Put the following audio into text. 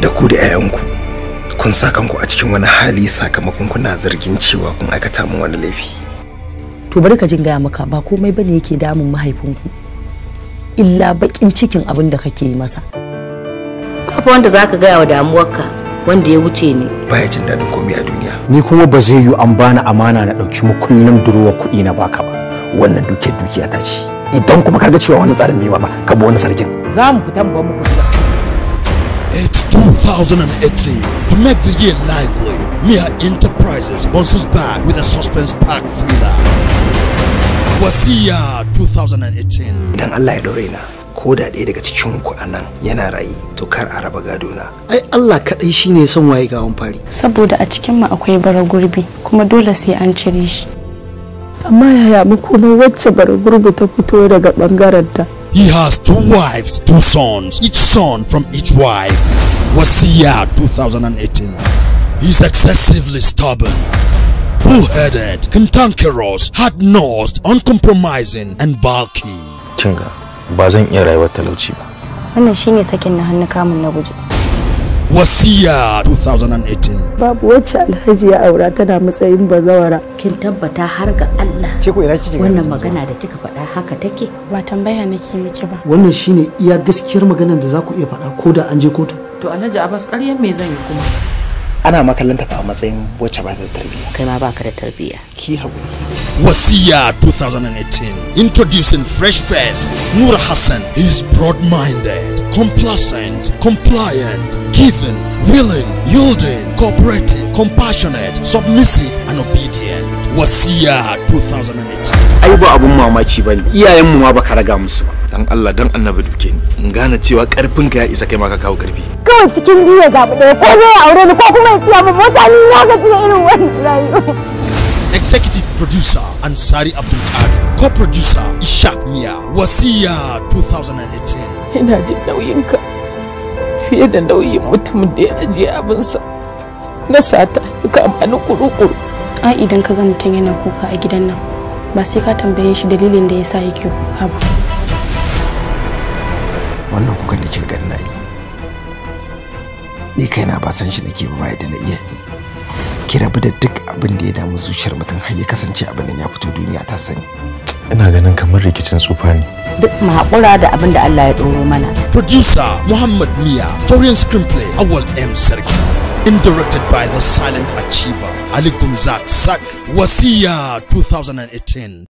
da ku da 'ya'yanku kun sa kanku a cikin wani hali sakamakon kuna zargin cewa kun aikata min wani laifi to bari ka jin gaya maka ba komai bane yake damun mahaifinku illa bakin cikin abin da kake yi masa babu wanda zaka gaya wa damuwarka wanda ya wuce ne baya jin daɗin komai a duniya ni kuma ba zai yi an bani amana na ɗauki mukullin duruwar kuɗi na baka ba wannan dukiyar dukiya ta ce idan kuma kaga cewa wani tsarin bai ba ka bi wani sarkin za mu fitan ba mu kuɗi 2018 to make the year lively. Mia Enterprises sponsors back with a suspense pack thriller. Wasiya 2018. Idan Allah ya ko da ɗaya daga cikin ku anan yana rayi to kar a raba gado na. Ai Allah kaɗai shine son waye gawan fari. Saboda a cikin mu akwai bara gurbi kuma dole sai an cire shi. Amma yaya kuma wacce bara gurbi ta fito daga ɓangaren ta? He has two wives, two sons, each son from each wife. Wasiya 2018. He's excessively stubborn, bull-headed, cantankerous, hard-nosed, uncompromising, and bulky. Kinga, ba zan iya rayuwar talauci ba. Wannan shine sakin na hannu kamun na guje. Wasiya 2018. Babu wacce Alhaji ya aura tana matsayin bazawara. Kin tabbata har ga Allah. Ke ko ina kike Wannan magana da kika faɗa haka take. Ba tambaya nake miki ba. Wannan shine iya gaskiyar maganar da za ku iya faɗa ko da an je kotu. to alhaji abbas ƙaryan me zan yi kuma ana makallanta fa a matsayin wacce ba ta da tarbiyya kai ma baka da tarbiyya ki haƙuri wasiya 2018 introducing fresh face nur hassan is broad-minded complacent compliant giving willing yielding cooperative compassionate submissive and obedient wasiya 2018 ai ba abun mamaci bane iyayenmu ma baka raga musu ba kan Allah dan annabi duke ni in gane cewa karfin ka ya isa kai ma ka kawo karfi kawai cikin biyu ya zabi ɗaya ko zai aure ni ko kuma ya siya mu mota ni na gaji da irin wannan rayuwa executive producer Ansari Abdul Qadir co-producer Ishaq Mia Wasiya 2018 ina jin nauyin ka fiye da nauyin mutumin da ya ajiye abinsa na sata ka amfani kuru-kuru a idan ka ga mutum yana kuka a gidan nan ba sai ka tambaye shi dalilin da ya sa yake kuka ba wannan kuka nake kika gani na yi ni kaina ba san shi nake ba da na iya ki rabu da duk abin da ya damu zuciyar mutum har ya kasance abin da ya fito duniya ta sani ina ganin kamar rikicin tsufa ne duk mu da abin da Allah ya ɗoro mana producer Muhammad Mia story and screenplay Awal M Sarki In directed by the silent achiever Ali Gumzak Sak Wasiya 2018